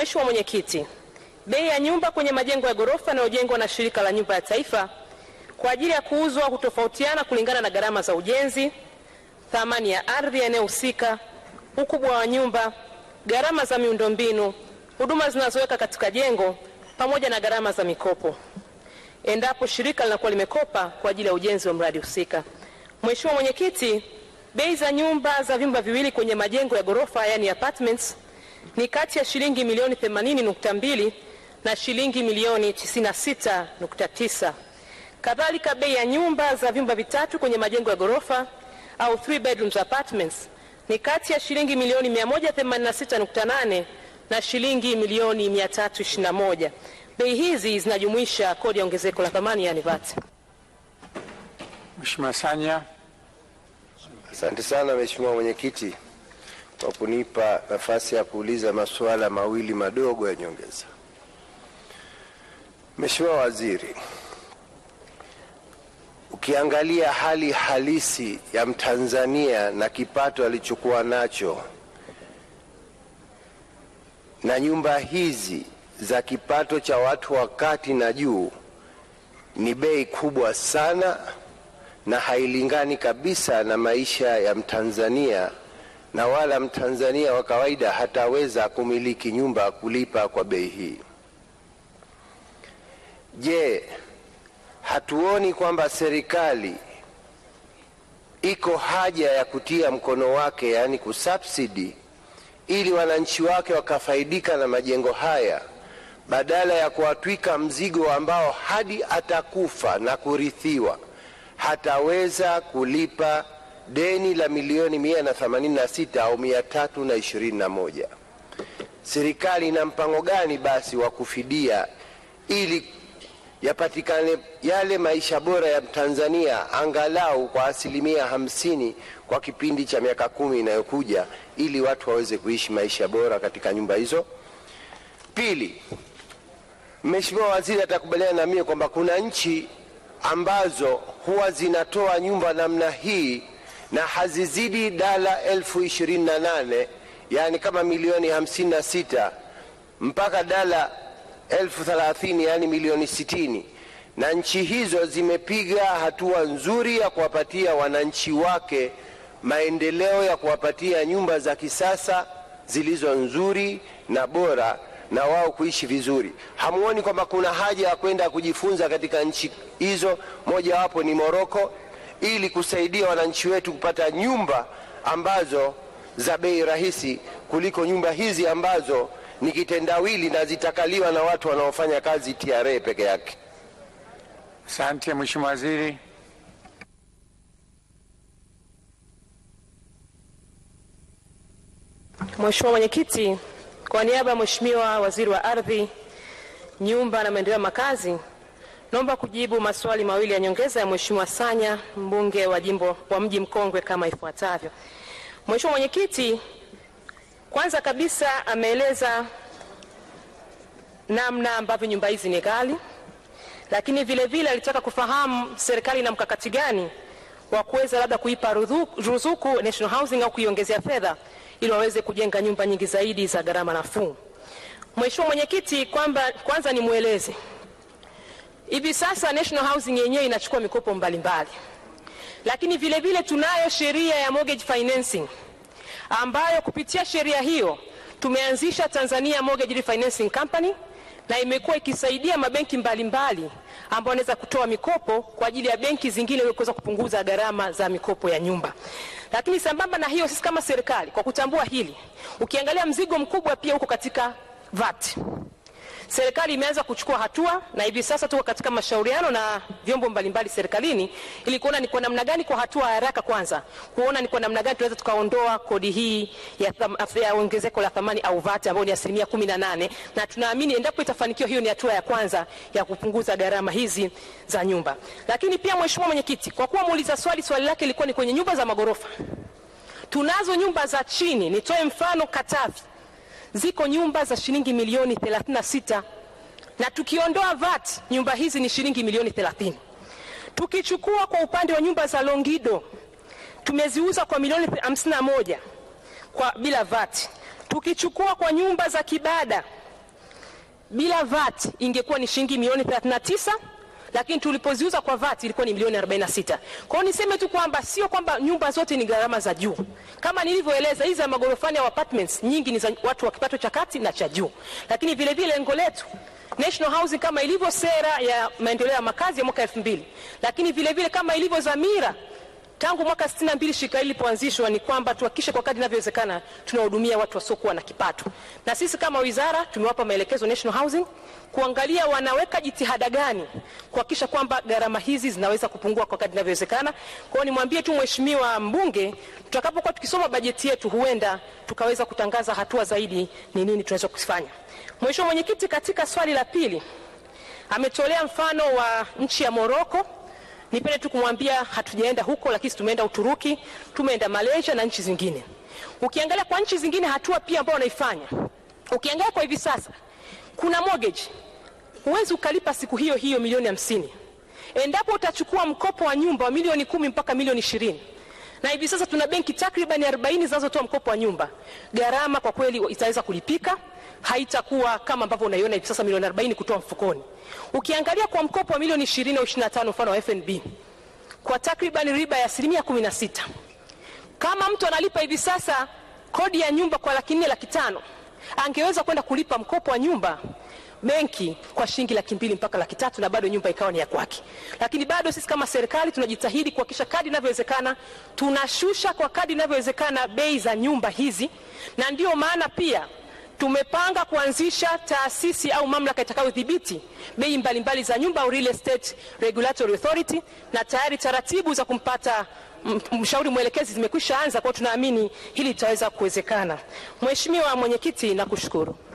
Mheshimiwa Mwenyekiti, bei ya nyumba kwenye majengo ya ghorofa yanayojengwa na Shirika la Nyumba ya Taifa kwa ajili ya kuuzwa hutofautiana kulingana na gharama za ujenzi, thamani ya ardhi ya eneo husika, ukubwa wa nyumba, gharama za miundombinu, huduma zinazoweka katika jengo pamoja na gharama za mikopo, endapo shirika linakuwa limekopa kwa ajili ya ujenzi wa mradi husika. Mheshimiwa Mwenyekiti, bei za nyumba za vyumba viwili kwenye majengo ya ghorofa, yani apartments ni kati ya shilingi milioni 80.2 na shilingi milioni 96.9. Kadhalika, bei ya nyumba za vyumba vitatu kwenye majengo ya ghorofa au three bedrooms apartments ni kati ya shilingi milioni 186.8 na shilingi milioni 321. Bei hizi zinajumuisha kodi ya ongezeko la thamani yani VAT. Mheshimiwa Sanya. Asante sana Mheshimiwa Mwenyekiti kwa kunipa nafasi ya kuuliza masuala mawili madogo ya nyongeza. Mheshimiwa Waziri, ukiangalia hali halisi ya Mtanzania na kipato alichokuwa nacho na nyumba hizi za kipato cha watu wa kati na juu, ni bei kubwa sana na hailingani kabisa na maisha ya Mtanzania na wala mtanzania wa kawaida hataweza kumiliki nyumba kulipa kwa bei hii. Je, hatuoni kwamba serikali iko haja ya kutia mkono wake, yaani kusubsidi, ili wananchi wake wakafaidika na majengo haya badala ya kuwatwika mzigo ambao hadi atakufa na kurithiwa hataweza kulipa deni la milioni 186 au 321. Serikali ina mpango gani basi wa kufidia ili yapatikane yale maisha bora ya Tanzania angalau kwa asilimia hamsini kwa kipindi cha miaka kumi inayokuja ili watu waweze kuishi maisha bora katika nyumba hizo. Pili, Mheshimiwa Waziri atakubaliana na mimi kwamba kuna nchi ambazo huwa zinatoa nyumba namna hii na hazizidi dala elfu ishirini na nane yani kama milioni hamsini na sita mpaka dala elfu thelathini yani milioni sitini na nchi hizo zimepiga hatua nzuri ya kuwapatia wananchi wake maendeleo ya kuwapatia nyumba za kisasa zilizo nzuri na bora na wao kuishi vizuri. Hamuoni kwamba kuna haja ya kwenda kujifunza katika nchi hizo? Mojawapo ni Moroko, ili kusaidia wananchi wetu kupata nyumba ambazo za bei rahisi kuliko nyumba hizi ambazo ni kitendawili na zitakaliwa na watu wanaofanya kazi TRA peke yake. Asante Mheshimiwa Waziri. Mheshimiwa Mwenyekiti, kwa niaba ya Mheshimiwa Waziri wa Ardhi, Nyumba na Maendeleo ya Makazi Naomba kujibu maswali mawili ya nyongeza ya Mheshimiwa Sanya, mbunge wa jimbo wa Mji Mkongwe kama ifuatavyo. Mheshimiwa Mwenyekiti, kwanza kabisa ameeleza namna ambavyo nyumba hizi ni ghali, lakini vile vile alitaka kufahamu serikali ina mkakati gani wa kuweza labda kuipa ruzuku National Housing au kuiongezea fedha ili waweze kujenga nyumba nyingi zaidi za gharama nafuu. Mheshimiwa Mwenyekiti, kwamba kwanza nimweleze Hivi sasa National Housing yenyewe inachukua mikopo mbalimbali mbali. Lakini vile vile tunayo sheria ya mortgage financing ambayo kupitia sheria hiyo tumeanzisha Tanzania Mortgage Refinancing Company na imekuwa ikisaidia mabenki mbalimbali ambao wanaweza kutoa mikopo kwa ajili ya benki zingine ili kuweza kupunguza gharama za mikopo ya nyumba. Lakini sambamba na hiyo, sisi kama serikali kwa kutambua hili, ukiangalia mzigo mkubwa pia uko katika VAT. Serikali imeanza kuchukua hatua na hivi sasa tuko katika mashauriano na vyombo mbalimbali serikalini ili kuona ni kwa namna gani, kwa hatua ya haraka kwanza, kuona ni kwa namna gani tunaweza tukaondoa kodi hii ya, ya ongezeko la thamani au VAT ambayo ni asilimia kumi na nane, na tunaamini endapo itafanikiwa, hiyo ni hatua ya kwanza ya kupunguza gharama hizi za nyumba. Lakini pia Mheshimiwa Mwenyekiti, kwa kuwa muuliza swali swali lake lilikuwa ni kwenye nyumba za magorofa, tunazo nyumba za chini. Nitoe mfano Katavi ziko nyumba za shilingi milioni 36 na tukiondoa VAT nyumba hizi ni shilingi milioni 30. Tukichukua kwa upande wa nyumba za Longido tumeziuza kwa milioni 51 kwa bila VAT. Tukichukua kwa nyumba za Kibada bila VAT ingekuwa ni shilingi milioni 39 lakini tulipoziuza kwa vati ilikuwa ni milioni 46. Kwa niseme tu kwamba sio kwamba nyumba zote ni gharama za juu, kama nilivyoeleza, hizi za magorofani au apartments nyingi ni za watu wa kipato cha kati na cha juu, lakini vile vile lengo letu National Housing kama ilivyo sera ya maendeleo ya makazi ya mwaka 2000, lakini vile vile kama ilivyo dhamira Tangu mwaka 62 shirika hili lilipoanzishwa, ni kwamba tuhakikishe kwa kadri inavyowezekana tunahudumia watu wasiokuwa na kipato, na sisi kama wizara tumewapa maelekezo National Housing kuangalia wanaweka jitihada gani kuhakikisha kwamba gharama hizi zinaweza kupungua kwa kadri inavyowezekana. Kwa hiyo nimwambie tu mheshimiwa mbunge, tutakapokuwa tukisoma bajeti yetu, huenda tukaweza kutangaza hatua zaidi ni nini tunaweza kufanya. Mheshimiwa Mwenyekiti, katika swali la pili ametolea mfano wa nchi ya Moroko Nipende tu kumwambia hatujaenda huko, lakini tumeenda Uturuki, tumeenda Malaysia na nchi zingine. Ukiangalia kwa nchi zingine hatua pia ambayo wanaifanya, ukiangalia kwa hivi sasa kuna mortgage, huwezi ukalipa siku hiyo hiyo milioni hamsini. Endapo utachukua mkopo wa nyumba wa milioni kumi mpaka milioni ishirini na hivi sasa tuna benki takriban 40 zinazotoa mkopo wa nyumba. Gharama kwa kweli itaweza kulipika, haitakuwa kama ambavyo unaiona hivi sasa milioni 40 kutoa mfukoni. Ukiangalia kwa mkopo wa milioni 20 au 25 mfano wa FNB kwa takriban riba ya asilimia 16, kama mtu analipa hivi sasa kodi ya nyumba kwa laki nne laki tano angeweza kwenda kulipa mkopo wa nyumba benki kwa shilingi laki mbili mpaka laki tatu na bado nyumba ikawa ni ya kwake. Lakini bado sisi kama serikali tunajitahidi kuhakikisha kadi inavyowezekana tunashusha kwa kadi inavyowezekana bei za nyumba hizi, na ndiyo maana pia tumepanga kuanzisha taasisi au mamlaka itakayodhibiti bei mbalimbali za nyumba au Real Estate Regulatory Authority, na tayari taratibu za kumpata mshauri mwelekezi zimekwisha anza. tunaamini hili litaweza kuwezekana. Mheshimiwa Mwenyekiti, nakushukuru.